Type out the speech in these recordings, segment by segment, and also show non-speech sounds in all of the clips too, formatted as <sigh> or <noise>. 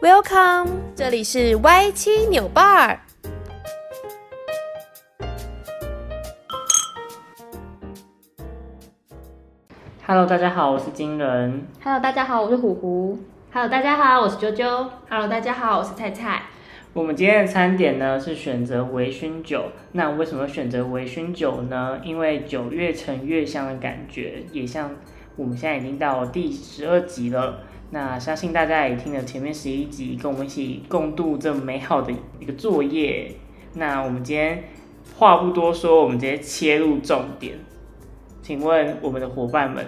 Welcome，這裡是歪七扭伴兒。Hello，大家好，我是金人。Hello，大家好，我是虎虎。Hello，大家好，我是啾啾。Hello，大家好，我是菜菜。我們今天的餐點呢是選擇微醺酒。那為什麼選擇微醺酒呢？因為酒越陳越香的感覺，也像我們現在已經到第十二集了。那相信大家也聽了前面十一集，跟我們一起共度這美好的一個作業。那我們今天話不多說，我們直接切入重點。請問我們的伙伴們，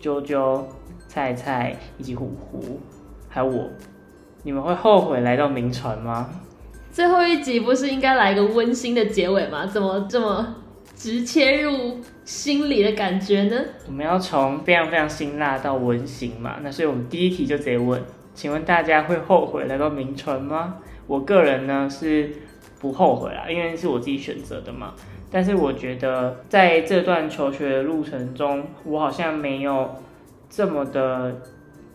啾啾、菜菜以及虎虎，還有我，你們會後悔來到銘傳嗎？最後一集不是應該來一個溫馨的結尾嗎？怎麼這麼直切入？心理的感覺呢？我們要從非常非常辛辣到溫情嘛，那所以我們第一題就直接問，請問大家會後悔來到銘傳嗎？我個人呢是不後悔啦，因為是我自己選擇的嘛。但是我覺得在這段求學的路程中，我好像沒有這麼的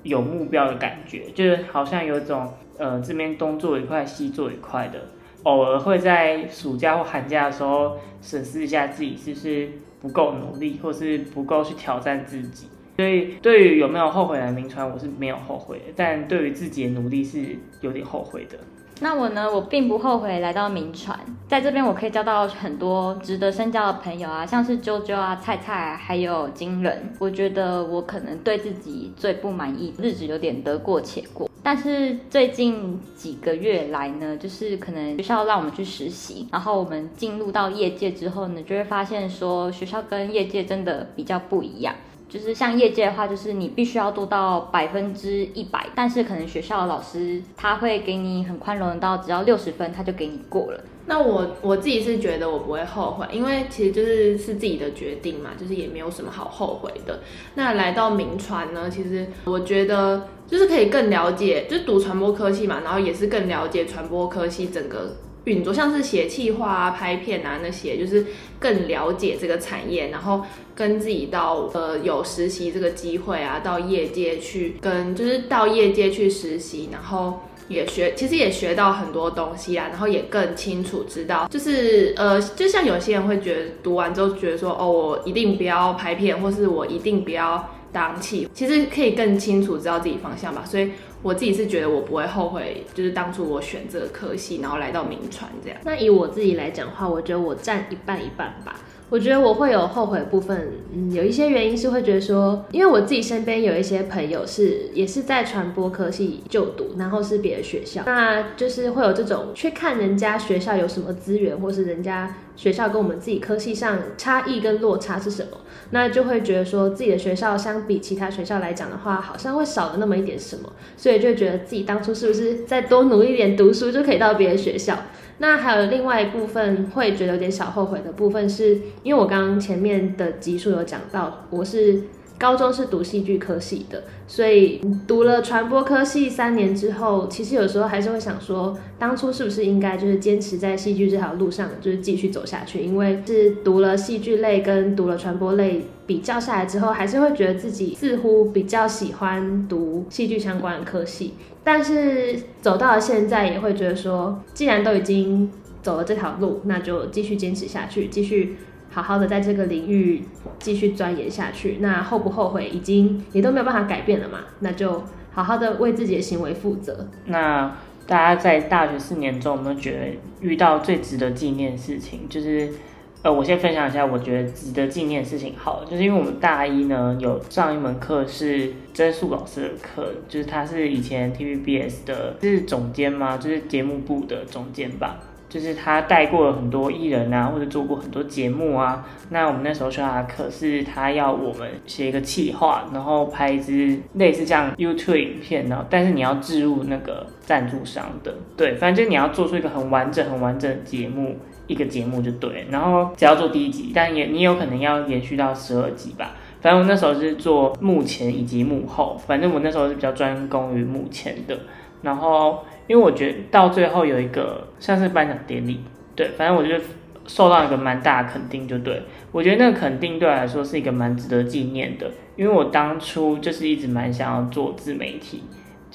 有目標的感覺，就是好像有一種呃這邊東做一塊，西做一塊的。偶爾會在暑假或寒假的時候審視一下自己，是不是不夠努力，或是不夠去挑戰自己。所以，對於有沒有後悔來銘傳，我是沒有後悔的。但對於自己的努力是有點後悔的。那我呢？我並不後悔來到銘傳，在這邊我可以交到很多值得深交的朋友啊，像是啾啾啊、菜菜啊，還有金人。我覺得我可能對自己最不滿意，日子有點得過且過。但是最近幾個月來呢，就是可能學校讓我們去實習，然後我們進入到業界之後呢，就會發現說學校跟業界真的比較不一樣。就是像業界的話，就是你必須要做到百分之一百，但是可能學校的老師他會給你很寬容，到只要六十分他就給你過了。那我我自己是覺得我不會後悔，因為其實就是是自己的決定嘛，就是也沒有什麼好後悔的。那來到銘傳呢，其實我覺得就是可以更了解，就是讀傳播科技嘛，然後也是更了解傳播科技整個運作，像是寫企劃啊、拍片啊那些，就是更了解這個產業。然後跟自己到呃有實習這個機會啊，到業界去跟就是到業界去實習，然後。也學，其實也學到很多東西啊，然後也更清楚知道，就是呃，就像有些人會覺得讀完之後覺得說，哦，我一定不要拍片，或是我一定不要當氣，其實可以更清楚知道自己方向吧。所以我自己是覺得我不會後悔，就是當初我選這個科系，然後來到銘傳這樣。那以我自己來講的話，我覺得我占一半一半吧。我覺得我會有後悔的部分，嗯，有一些原因是會覺得說，因為我自己身邊有一些朋友是也是在傳播科系就讀，然後是別的學校，那就是會有這種去看人家學校有什麼資源，或是人家學校跟我們自己科系上差異跟落差是什麼，那就會覺得說自己的學校相比其他學校來講的話，好像會少了那麼一點什麼，所以就會覺得自己當初是不是再多努力一點讀書就可以到別的學校。那還有另外一部分會覺得有點小後悔的部分，是因為我剛剛前面的集數有講到，我是高中是讀戲劇科系的，所以讀了傳播科系三年之後，其實有時候還是會想說，當初是不是應該就是堅持在戲劇這條路上，就是繼續走下去，因為是讀了戲劇類跟讀了傳播類。比較下來之後，還是會覺得自己似乎比較喜歡讀戲劇相關的科系，但是走到現在也會覺得說，既然都已經走了這條路，那就繼續堅持下去，繼續好好的在這個領域繼續鑽研下去。那後不後悔，已經也都沒有辦法改變了嘛，那就好好的為自己的行為負責。那大家在大學四年中，有沒有覺得遇到最值得紀念的事情？就是。呃，我先分享一下我覺得值得紀念的事情。好，就是因為我們大一呢有上一門課是曾素老師的課，就是他是以前 TVBS 的，是總監嗎？就是節目部的總監吧。就是他帶過了很多藝人啊，或者做過很多節目啊。那我們那時候學他的課，是他要我們寫一個企劃，然後拍一支類似這樣 YouTube 影片啊，然後但是你要置入那個贊助商的，對，反正就是你要做出一個很完整、很完整的節目。一個節目就對，然後只要做第一集，但也你有可能要延續到十二集吧。反正我那時候是做幕前以及幕後，反正我那時候是比較專攻於幕前的。然後，因為我覺得到最後有一個像是頒獎典禮，對，反正我就受到一個蠻大的肯定，就對，我覺得那個肯定對我來說是一個蠻值得紀念的，因為我當初就是一直蠻想要做自媒體。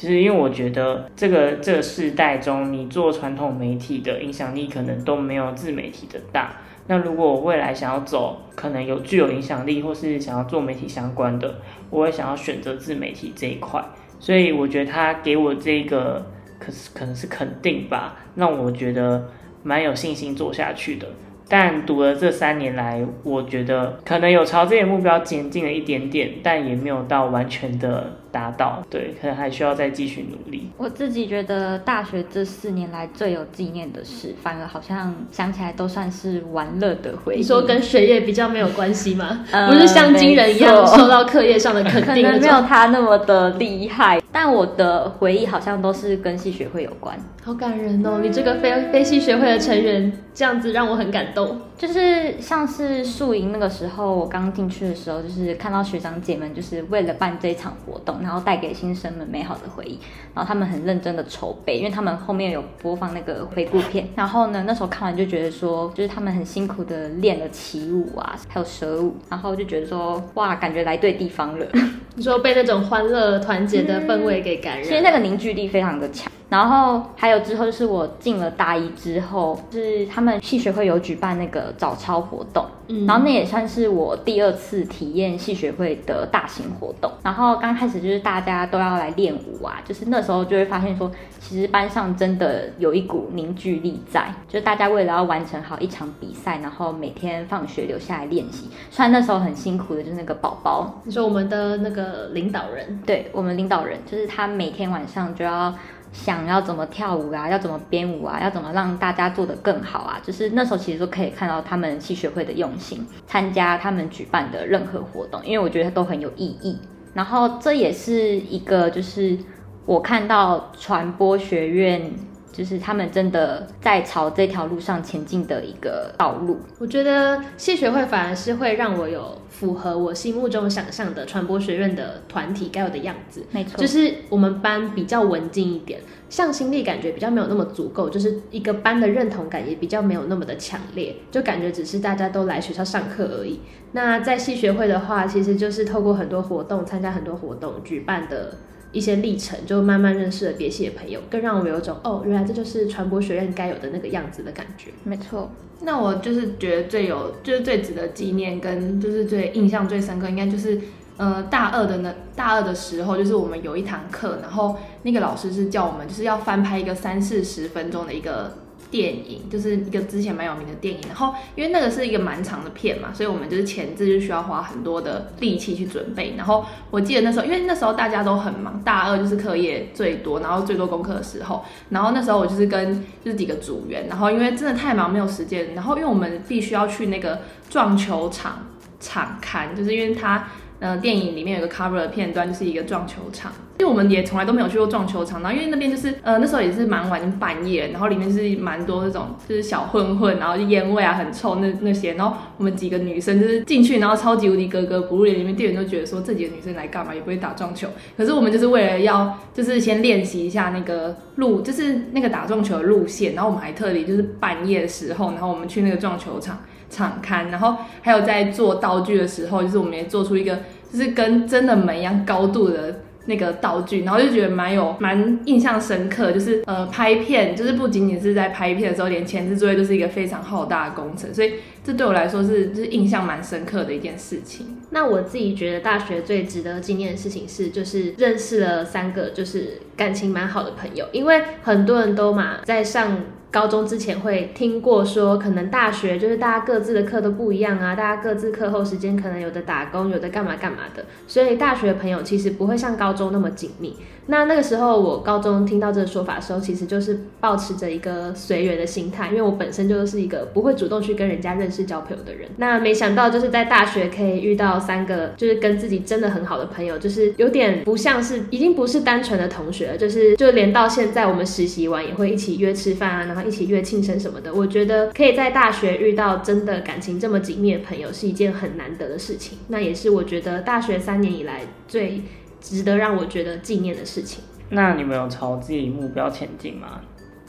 其實，因為我覺得這個這個世代中，你做傳統媒體的影響力可能都沒有自媒體的大。那如果我未來想要走，可能有具有影響力，或是想要做媒體相關的，我會想要選擇自媒體這一塊。所以我覺得他給我這個，可是可能是肯定吧，讓我覺得蠻有信心做下去的。但讀了這三年來，我覺得可能有朝這些目標前進了一點點，但也沒有到完全的達到。對，可能還需要再繼續努力。我自己覺得大學這四年來最有紀念的事，反而好像想起來都算是玩樂的回憶。你說跟學業比較沒有關係嗎？ <laughs> 不是像驚人一樣受 <laughs> 到課業上的肯定，可能沒有他那麼的厲害。但我的回憶好像都是跟系學會有關。好感人哦！你這個非非系學會的成員這樣子讓我很感動。就是像是宿營那個時候，我剛進去的時候，就是看到學長姐們就是為了辦這一場活動，然後帶給新生們美好的回憶，然後他們很認真的籌備，因為他們後面有播放那個回顧片。然後呢，那時候看完就覺得說，就是他們很辛苦的練了起舞啊，還有蛇舞，然後就覺得說，哇，感覺來對地方了。 <laughs> 說被那種歡樂團結的氛圍給感染，嗯、所以那個凝聚力非常的強。然後還有之後就是我進了大一之後，就是他們系學會有舉辦那個早操活動，嗯，然後那也算是我第二次體驗系學會的大型活動。然後剛開始就是大家都要來練舞啊，就是那時候就會發現說，其實班上真的有一股凝聚力在，就是大家為了要完成好一場比賽，然後每天放學留下來練習。雖然那時候很辛苦的，就是那個寶寶，就我們的那個領導人，對，我們領導人，就是他每天晚上就要。想要怎麼跳舞啊？要怎麼編舞啊？要怎麼讓大家做得更好啊？就是那時候其實都可以看到他們系學會的用心，參加他們舉辦的任何活動，因為我覺得都很有意義。然後這也是一個，就是我看到傳播學院。就是他們真的在朝這條路上前進的一個道路。我覺得系學會反而是會讓我有符合我心目中想象的傳播學院的團體該有的樣子。沒錯，就是我們班比較文靜一點，向心力感覺比較沒有那麼足夠，就是一個班的認同感也比較沒有那麼的強烈，就感覺只是大家都來學校上課而已。那在系學會的話，其實就是透過很多活動，參加很多活動舉辦的。一些歷程，就慢慢認識了別系的朋友，更讓我有種哦，原來這就是傳播學院該有的那個樣子的感覺。沒錯，那我就是覺得最有，就是最值得紀念，跟就是最印象最深刻，應該就是呃大二的那大二的時候，就是我們有一堂課，然後那個老師是叫我們就是要翻拍一個三四十分鐘的一個電影就是一個之前蠻有名的電影，然後因為那個是一個蠻長的片嘛，所以我們就是前置就需要花很多的力氣去準備。然後我記得那時候，因為那時候大家都很忙，大二就是課業最多，然後最多功課的時候。然後那時候我就是跟就是幾個組員，然後因為真的太忙沒有時間。然後因為我們必須要去那個撞球場場勘，就是因為他嗯電影裡面有個 cover 的片段就是一個撞球場。因為我們也從來都沒有去過撞球場，然後因為那邊就是，呃，那時候也是蠻晚，就半夜，然後裡面就是蠻多那種就是小混混，然後煙味啊很臭那那些，然後我們幾個女生就是進去，然後超級無敵格格不入，裡面店員都覺得說這幾個女生來幹嘛，也不會打撞球。可是我們就是為了要就是先練習一下那個路，就是那個打撞球的路線，然後我們還特地就是半夜的時候，然後我們去那個撞球場場勘，然後還有在做道具的時候，就是我們也做出一個就是跟真的門一樣高度的。那個道具，然後就覺得蠻有蠻印象深刻，就是呃拍片，就是不僅僅是在拍片的時候，連前置作業都是一個非常浩大的工程，所以這對我來說是就是印象蠻深刻的一件事情。那我自己覺得大學最值得紀念的事情是，就是認識了三個就是感情蠻好的朋友，因為很多人都嘛在上。高中之前會聽過說，可能大學就是大家各自的課都不一樣啊，大家各自課後時間可能有的打工，有的幹嘛幹嘛的。所以大學的朋友其實不會像高中那麼緊密。那那個時候，我高中聽到這個說法的時候，其實就是抱持着一個隨緣的心態，因為我本身就是一個不會主動去跟人家認識交朋友的人。那沒想到就是在大學可以遇到三個就是跟自己真的很好的朋友，就是有點不像是，已經不是單純的同學了，就是就連到現在我們實習完也會一起約吃飯啊，然後一起約慶生什麼的。我覺得可以在大學遇到真的感情這麼緊密的朋友是一件很難得的事情，那也是我覺得大學三年以來最。值得讓我覺得紀念的事情。那你們有朝自己目標前進嗎？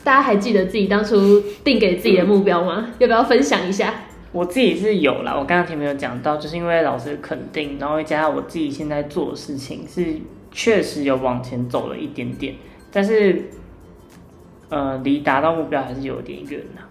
大家還記得自己當初定給自己的目標嗎？ <laughs> 要不要分享一下？我自己是有啦。我剛剛前面有講到，就是因為老師的肯定，然後加上我自己現在做的事情是確實有往前走了一點點，但是呃，離達到目標還是有點遠吶、啊。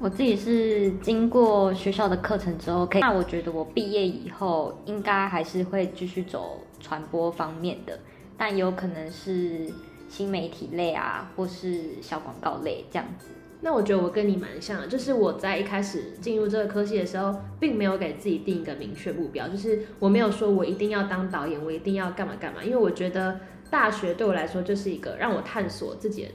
我自己是經過學校的課程之後可以，那我覺得我畢業以後應該還是會繼續走傳播方面的，但有可能是新媒體類啊，或是小廣告類這樣子。那我覺得我跟你蠻像的，就是我在一開始進入這個科系的時候，並沒有給自己定一個明確目標，就是我沒有說我一定要當導演，我一定要幹嘛幹嘛，因為我覺得大學對我來說就是一個讓我探索自己的。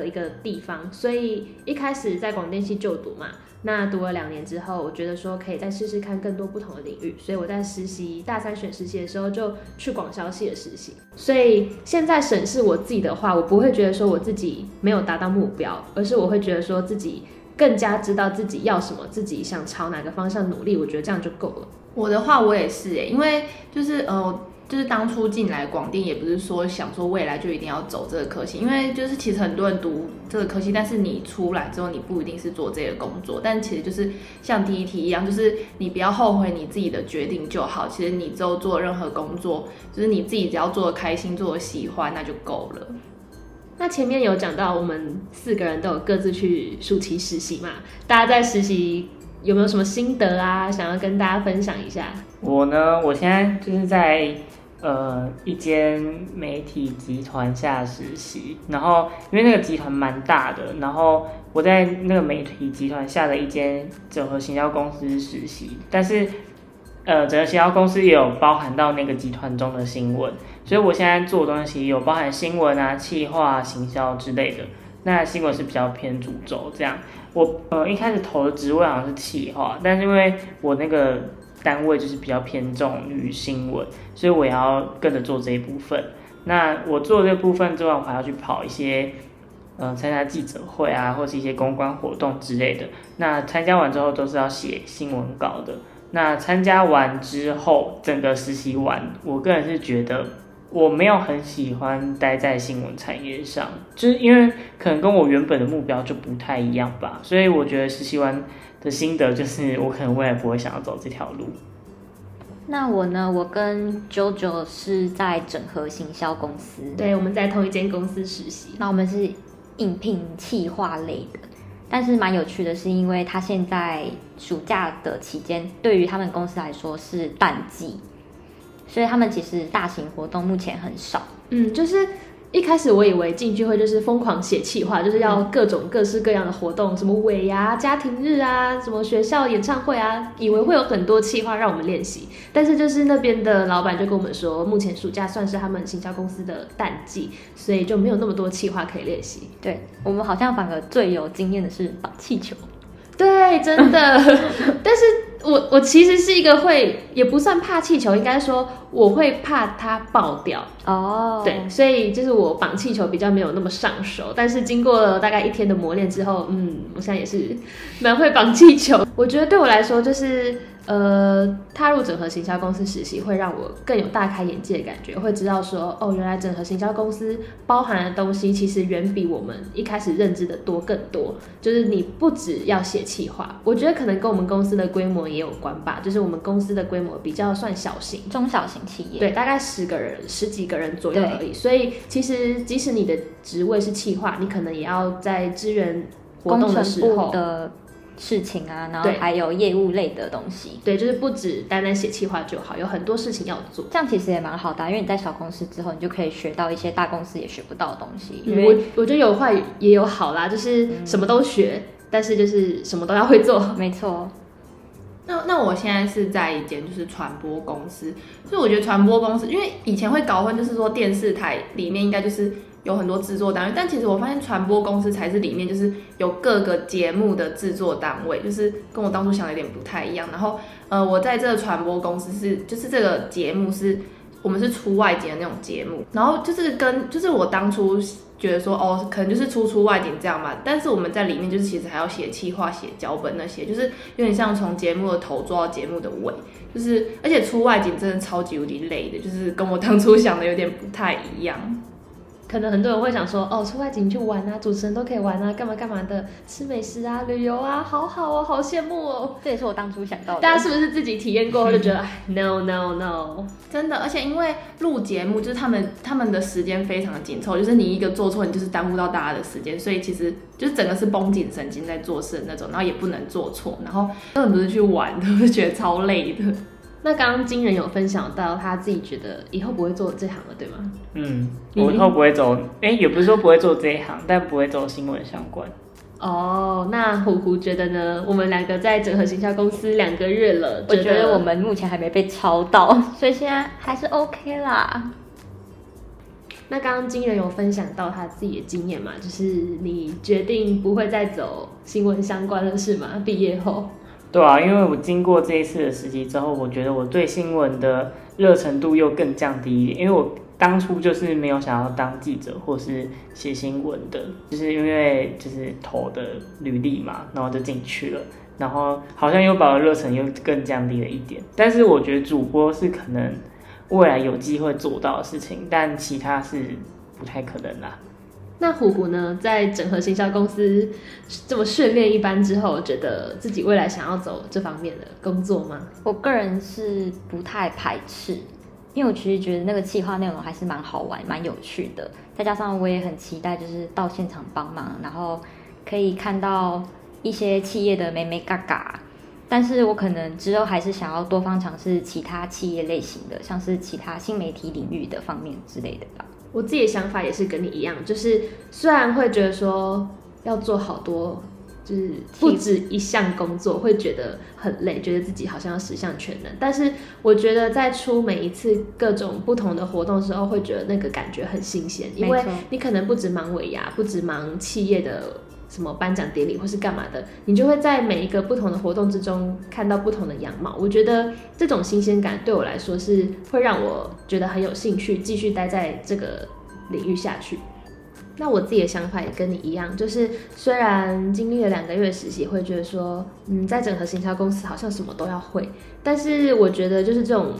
的一個地方，所以一開始在廣電系就讀嘛，那讀了兩年之後，我覺得說可以再試試看更多不同的領域，所以我在實習大三選實習的時候就去廣銷系的實習。所以現在審視我自己的話，我不會覺得說我自己沒有達到目標，而是我會覺得說自己更加知道自己要什麼，自己想朝哪個方向努力，我覺得這樣就夠了。我的話我也是哎、欸，因為就是呃。就是當初進來廣電，也不是說想說未來就一定要走這個科系，因為就是其實很多人讀這個科系，但是你出來之後，你不一定是做這個工作。但其實就是像第一題一樣，就是你不要後悔你自己的決定就好。其實你之後做任何工作，就是你自己只要做的開心、做的喜歡，那就夠了。那前面有講到，我們四個人都有各自去暑期實習嘛，大家在實習有沒有什麼心得啊？想要跟大家分享一下。我呢，我現在就是在。呃，一間媒體集團下實習，然後因為那個集團蠻大的，然後我在那個媒體集團下的一間整合行銷公司實習，但是呃，整合行銷公司也有包含到那個集團中的新聞，所以我現在做的東西有包含新聞啊、企劃啊、行銷之類的。那新聞是比較偏主軸這樣，我呃一開始投的職位好像是企劃，但是因為我那個。單位就是比較偏重於新聞，所以我要跟着做這一部分。那我做這部分之外，我還要去跑一些，呃，參加記者會啊，或是一些公關活動之類的。那參加完之後，都是要寫新聞稿的。那參加完之後，整個實習完，我個人是覺得我沒有很喜歡待在新聞產業上，就是因為可能跟我原本的目標就不太一樣吧。所以我覺得實習完。的心得就是，我可能未來不會想要走這條路。那我呢？我跟 JoJo 是在整合行銷公司，對，我們在同一間公司實習。那我們是應聘企劃類的，但是蠻有趣的是，因為他現在暑假的期間，對於他們公司來說是淡季，所以他們其實大型活動目前很少。嗯，就是。一開始我以為進去會就是瘋狂寫企劃，就是要各種各式各樣的活動，什麼尾牙啊、家庭日啊，什麼學校演唱會啊，以為會有很多企劃讓我們練習。但是就是那邊的老板就跟我們說，目前暑假算是他們行銷公司的淡季，所以就沒有那麼多企劃可以練習。對，我們好像反而最有經驗的是綁氣球，對，真的。 <laughs> 但是。我我其實是一個會，也不算怕氣球，應該說我會怕它爆掉哦。Oh. 對，所以就是我綁氣球比較沒有那麼上手，但是經過了大概一天的磨練之後，嗯，我現在也是蠻會綁氣球。 <laughs> 我覺得對我來說就是。呃，踏入整合行銷公司實習，會讓我更有大開眼界的感覺，會知道說，哦，原來整合行銷公司包含的東西，其實遠比我們一開始認知的多更多。就是你不止要寫企劃，我覺得可能跟我們公司的規模也有關吧。就是我們公司的規模比較算小型、中小型企業，對，大概十個人、十幾個人左右而已。對，所以其實即使你的職位是企劃，你可能也要在支援活動的時候。事情啊，然後還有業務類的東西對，對，就是不止單單寫企劃就好，有很多事情要做，這樣其實也蠻好的，啊，因為你在小公司之後，你就可以學到一些大公司也學不到的東西。嗯、我我覺得有壞也有好啦，就是什麼都學、嗯，但是就是什麼都要會做。沒錯。那那我現在是在一間就是傳播公司，所以我覺得傳播公司，因為以前會搞混，就是說電視台裡面應該就是。有很多製作單位，但其實我發現傳播公司才是裡面，就是有各個節目的製作單位，就是跟我當初想的有點不太一樣。然後，呃，我在這個傳播公司是，就是這個節目是我們是出外景的那種節目。然後就是跟就是我當初覺得說，哦，可能就是出出外景這樣嘛。但是我們在裡面就是其實還要寫企劃、寫腳本那些，就是有點像從節目的頭做到節目的尾。就是而且出外景真的超級無敵累的，就是跟我當初想的有點不太一樣。可能很多人會想說，哦，出外景去玩啊，主持人都可以玩啊，幹嘛幹嘛的，吃美食啊，旅遊啊，好好哦、喔，好羨慕哦、喔。這也是我當初想到的。大家是不是自己體驗過，就覺得 <laughs> ，No no no，真的。而且因為錄節目，就是他們他們的時間非常的緊湊，就是你一個做錯，你就是耽誤到大家的時間，所以其實就整個是繃緊神經在做事的那種，然後也不能做錯，然後很多人不是去玩，都是覺得超累的。那剛剛金人有分享到他自己覺得以後不會做這行了，對嗎？嗯，我以後不會走，哎、嗯欸，也不是說不會做這一行， <laughs> 但不會走新聞相關。哦、oh,，那虎虎覺得呢？我們兩個在整合行銷公司兩個月了，我 <laughs> 覺得我們目前還沒被抄到， <laughs> 所以現在還是 OK 啦。 <laughs> 那剛剛金人有分享到他自己的經驗嘛？就是你決定不會再走新聞相關了，是嗎？畢業後？對啊，因為我經過這一次的實習之後，我覺得我對新聞的熱忱度又更降低一點。因為我當初就是沒有想要當記者或是寫新聞的，就是因為就是投的履歷嘛，然後就進去了。然後好像又把我的熱忱又更降低了一點。但是我覺得主播是可能未來有機會做到的事情，但其他是不太可能啦、啊。那虎虎呢，在整合行銷公司這麼訓練一般之後，覺得自己未來想要走這方面的工作嗎？我個人是不太排斥，因為我其實覺得那個企劃內容還是蠻好玩、蠻有趣的，再加上我也很期待，就是到現場幫忙，然後可以看到一些企業的美美嘎嘎。但是我可能之後還是想要多方嘗試其他企業類型的，像是其他新媒體領域的方面之類的吧。我自己的想法也是跟你一樣，就是雖然會覺得說要做好多，就是不止一項工作，會覺得很累，覺得自己好像要十項全能。但是我覺得在出每一次各種不同的活動的時候，會覺得那個感覺很新鮮，因為你可能不止忙尾牙，不止忙企業的。什麼頒獎典禮或是幹嘛的，你就會在每一個不同的活動之中看到不同的樣貌。我覺得這種新鮮感對我來說是會讓我覺得很有興趣繼續待在這個領域下去。那我自己的想法也跟你一樣，就是雖然經歷了兩個月實習，會覺得說，嗯，在整合行銷公司好像什麼都要會，但是我覺得就是這種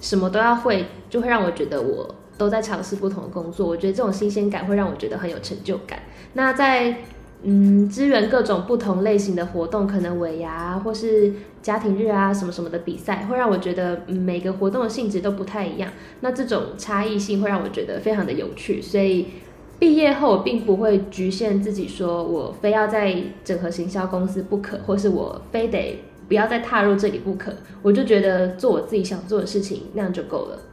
什麼都要會，就會讓我覺得我都在嘗試不同的工作。我覺得這種新鮮感會讓我覺得很有成就感。那在嗯，支援各種不同類型的活動，可能尾牙啊或是家庭日啊，什麼什麼的比賽，會讓我覺得每個活動的性質都不太一樣。那這種差異性會讓我覺得非常的有趣。所以畢業後我並不會局限自己，說我非要在整合行銷公司不可，或是我非得不要再踏入這裡不可。我就覺得做我自己想做的事情，那樣就夠了。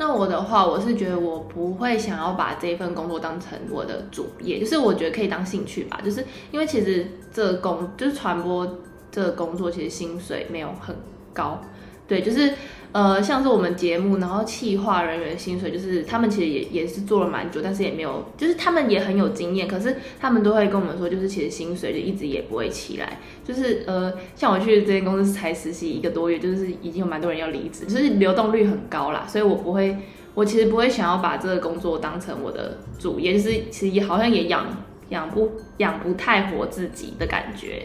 那我的話，我是覺得我不會想要把這份工作當成我的主業，就是我覺得可以當興趣吧，就是因為其實這工就是傳播這個工作，其實薪水沒有很高，對，就是。呃，像是我們節目，然後企劃人員薪水就是他們其實也也是做了蠻久，但是也沒有，就是他們也很有經驗，可是他們都會跟我們說，就是其實薪水就一直也不會起來，就是呃，像我去這間公司才實習一個多月，就是已經有蠻多人要離職，就是流動率很高啦，所以我不會，我其實不會想要把這個工作當成我的主業，也就是其實也好像也養養不養不太活自己的感覺。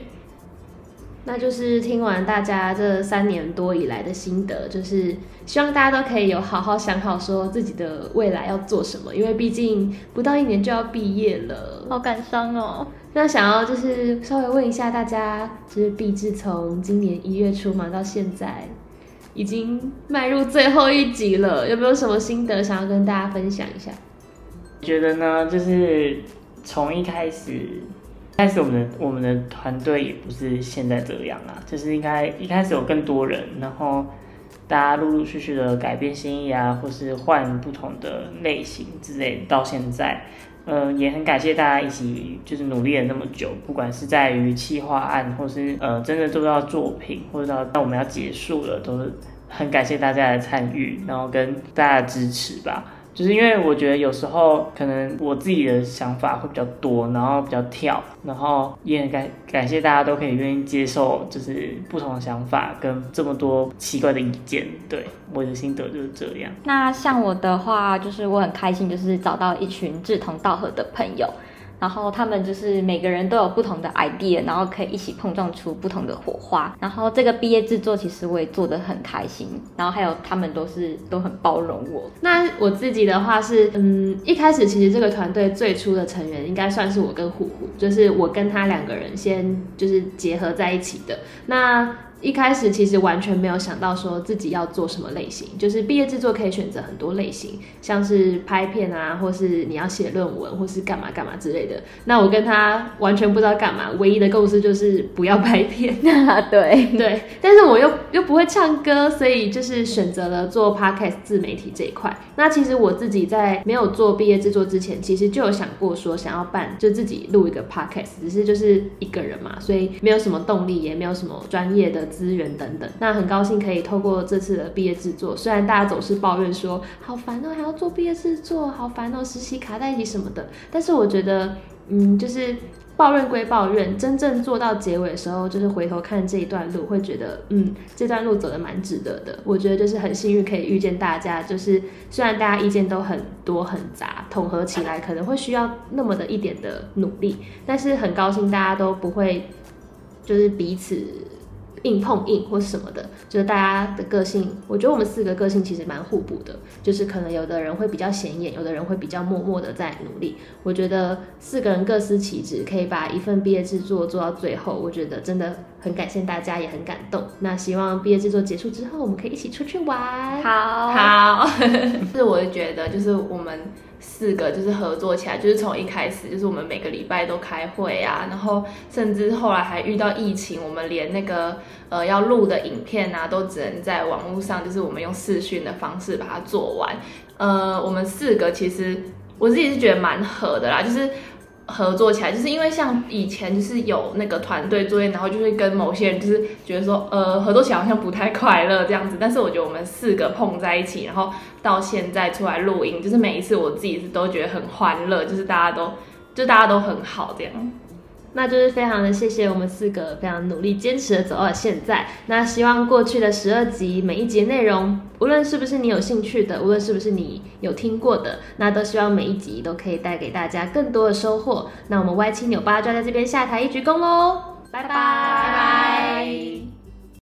那就是聽完大家這三年多以來的心得，就是希望大家都可以有好好想好說自己的未來要做什麼，因為畢竟不到一年就要畢業了，好感傷哦。那想要就是稍微問一下大家，就是畢竟從今年一月初嘛到現在，已經邁入最後一集了，有沒有什麼心得想要跟大家分享一下？覺得呢，就是從一開始。開始，我們的我們的團隊也不是現在這樣啊，就是應該一開始有更多人，然後大家陸陸續續的改變心意啊，或是換不同的類型之類的，到現在，嗯、呃，也很感謝大家一起就是努力了那麼久，不管是在於企劃案，或是呃真的做到的作品，或者到到我們要結束了，都是很感謝大家的參與，然後跟大家的支持吧。就是因為我覺得有時候可能我自己的想法會比較多，然後比較跳，然後也很感感謝大家都可以願意接受，就是不同的想法跟這麼多奇怪的意見，對，我的心得就是這樣。那像我的話，就是我很開心，就是找到一群志同道合的朋友。然後他們就是每個人都有不同的 idea，然後可以一起碰撞出不同的火花。然後這個畢業制作其實我也做得很開心。然後還有他們都是都很包容我。那我自己的話是，嗯，一開始其實這個團隊最初的成員應該算是我跟虎虎，就是我跟他兩個人先就是結合在一起的。那一開始其實完全沒有想到說自己要做什麼類型，就是畢業制作可以選擇很多類型，像是拍片啊，或是你要寫論文，或是幹嘛幹嘛之類的。那我跟他完全不知道幹嘛，唯一的共識就是不要拍片啊，對對，但是我又又不會唱歌，所以就是選擇了做 podcast 自媒體這一塊。那其實我自己在沒有做畢業制作之前，其實就有想過說想要辦，就自己錄一個 podcast，只是就是一個人嘛，所以沒有什麼動力，也沒有什麼專業的。資源等等，那很高興可以透過這次的畢業制作。雖然大家總是抱怨說好煩哦，還要做畢業制作，好煩哦，實習卡在一起什麼的。但是我覺得，嗯，就是抱怨歸抱怨，真正做到結尾的時候，就是回頭看這一段路，會覺得，嗯，這段路走得蠻值得的。我覺得就是很幸運可以遇見大家，就是雖然大家意見都很多很雜，統合起來可能會需要那麼的一點的努力，但是很高興大家都不會就是彼此。硬碰硬或什麼的，就是大家的個性。我覺得我們四個個性其實蠻互補的，就是可能有的人會比較顯眼，有的人會比較默默的在努力。我覺得四個人各司其職，可以把一份畢業製作做到最後。我覺得真的很感謝大家，也很感動。那希望畢業製作結束之後，我們可以一起出去玩。好，好，是 <laughs> 我就覺得，就是我們。四個就是合作起來，就是從一開始，就是我們每個禮拜都開會啊，然後甚至後來還遇到疫情，我們連那個呃要錄的影片啊，都只能在網絡上，就是我們用視訊的方式把它做完。呃，我們四個其實我自己是覺得蠻合的啦，就是。合作起來，就是因為像以前就是有那個團隊作業，然後就是跟某些人就是覺得說，呃，合作起來好像不太快樂這樣子。但是我覺得我們四個碰在一起，然後到現在出來錄音，就是每一次我自己是都覺得很歡樂，就是大家都，就大家都很好這樣。那就是非常的謝謝我們四個非常努力堅持的走到現在。那希望過去的十二集每一集內容，無論是不是你有興趣的，無論是不是你有聽過的，那都希望每一集都可以帶給大家更多的收穫。那我們歪七扭八就在這邊下台一鞠躬嘍，拜拜拜拜。Bye bye